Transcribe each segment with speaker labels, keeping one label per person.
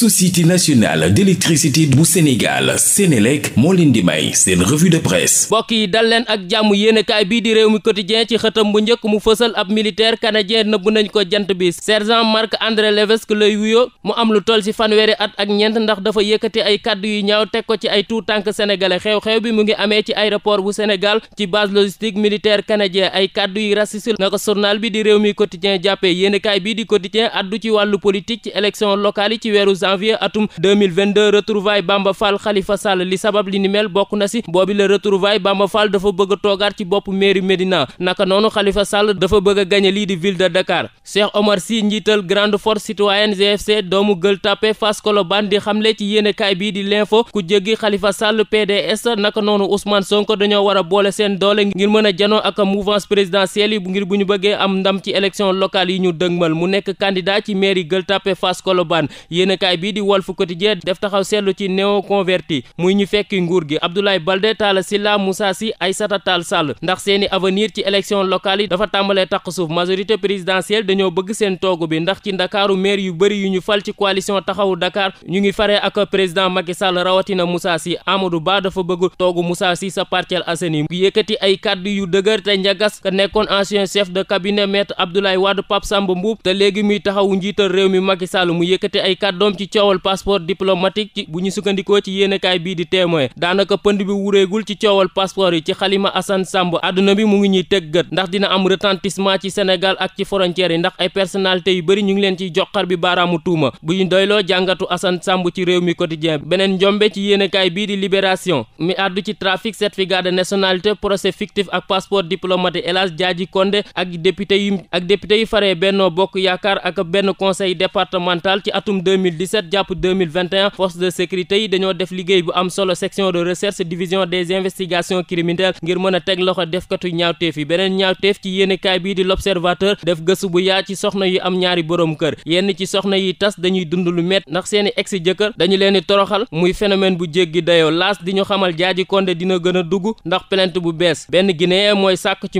Speaker 1: société nationale d'électricité bu Sénégal Sénélec moo leen di may seen revue de presse mbokk yi dal leen ak jàmm yéenekaay bii di réew mi quotidien ci xëtam bu njëkk mu fësal ab militaire canadien nëbb nañ ko jant bi sergent Marc André Levesque lay wuyoo mu am lu toll ci fanweeri at ak ñeent ndax dafa yëkkati ay kàddu yu ñaaw teg ko ci ay tout tànk sénégalais xew-xew bi mu ngi amee ci aéroport bu Sénégal ci base logistique militaire canadien ay kàddu yu janvier atum 2022 retrouvaille Bamba Fall Khalifa Sall li sabab li ni mel bokk na si boobi la retrouvaille Bamba Fall dafa bëgg a toogaat ci bopp mairie Médina naka noonu Khalifa Sall dafa bëgg a gañe lii di ville de Dakar Cheikh Omar Sy njiital grande force citoyenne GFC doomu Gueule Tapée Fass Colobane di xamle ci yéenekaay bii di l'info ku jéggi Khalifa Sall PDS naka noonu Ousmane Sonko dañoo war a boole seen doole ngir mën a janoo ak mouvance présidentielle ngir bu ñu bëggee bii di Walf Quotidien def taxaw seetlu ci néo converti muy ñu fekki nguur gi Abdoulaye Baldé Talla Sylla ay Sy Aïssata Tall Sall ndax seeni avenir ci election locale yi dafa tàmbalee taq suuf majorité présidentielle dañoo bëgg seen toog bi ndax ci ndakaaru maire yu bëri yu ñu fal ci coalition taxawu Dakar ñu ngi faree ak président Macky Sall rawatina Moussa Sy Amadou Ba dafa bëgg toogu Moussa Sy sa Parcelles Assainies yëkkati ay kàddu yu dëgër te njagas ka nekkoon ancien chef de cabinet maître Abdoulaye Wade Pape Samba Mboup te léegi muy taxawu njiital réew mi Macky Sall coowal passeport diplomatique ci bu ñu sukkandikoo ci yéenekaay bii di témoin daanaka pënd bi wuréegul ci coowal passeport yi ci xalima Assane Samb àdduna bi mu ngi ñuy tëggat ndax dina am retentissement ci senegal ak ci frontières yi ndax ay personnalités yu bëri ñu ngi leen ciy joxar bi baaraamu tuuma bu ñu doyloo jàngatu Assane Samb ci réew mi quotidien beneen njombe ci yéenekaay bii di libération mi àddu ci trafic certificat de nationalité procès fictif ak passeport diplomatique El Hadj Diadji Condé ak député yu ak député yu faree Benno Bokk Yaakaar ak benn conseil départemental ci atum 2017 jàpp 2021 force de sécurité yi dañoo def liggéey bu am solo section de recherche division des investigations criminelles ngir mën a teg loxo defkatu ñaawteef yi beneen ñaawteef ci yéenekaay bii di l'observateur def gëstu bu yaa ci soxna yu am ñaari borom kër yenn ci soxna yi tas dañuy dund lu met ndax seeni ex jëkkër dañu leen toroxal muy phénomène bu jéggi dayoo laas di ñu xamal jaaji Condé dina gën a dugg ndax plainte bu bees benn guinéen mooy sàkk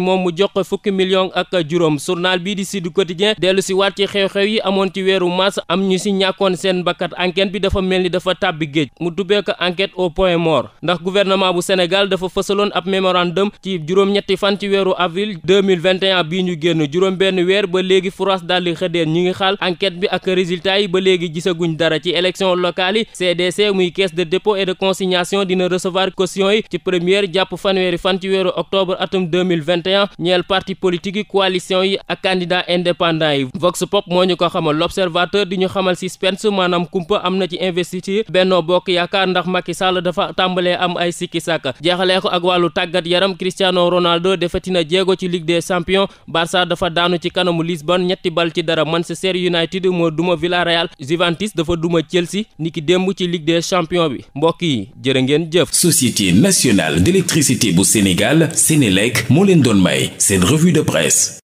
Speaker 1: Alioune Bakkat enquête bi dafa mel ni dafa tàbbi géej mu dubbee ko enquête au point mort ndax gouvernement bu Sénégal dafa fësaloon ab mémorandum ci juróom-ñetti fan ci weeru avril 2021 ñu génn juróom-benn weer ba léegi France daal di xëddeen ngi xaal enquête bi ak résultat yi ba léegi gisaguñ dara ci élection locale yi CDC muy caisse de dépôt et de consignation dina recevoir caution yi ci première jàpp fanweeri fan ci weeru octobre atum ñeel parti politique yi maanaam kumpa am na ci investiture Benno Bokk Yaakaar ndax Macky Sall dafa tàmbalee am ay sikki sàkk jeexalee ko ak wàllu tàggat yaram Cristiano Ronaldo defatina jéego ci Ligue des Champions Barça dafa daanu ci kanamu Lisbonne ñetti bal ci dara Manchester United moo duma Villarreal Juventus dafa duma Chelsea niki démb ci Ligue des Champions bi mbokk yi jërë ngeen jëf. Société nationale d'électricité bu Sénégal Sénélec moo leen doon may seen revue de presse.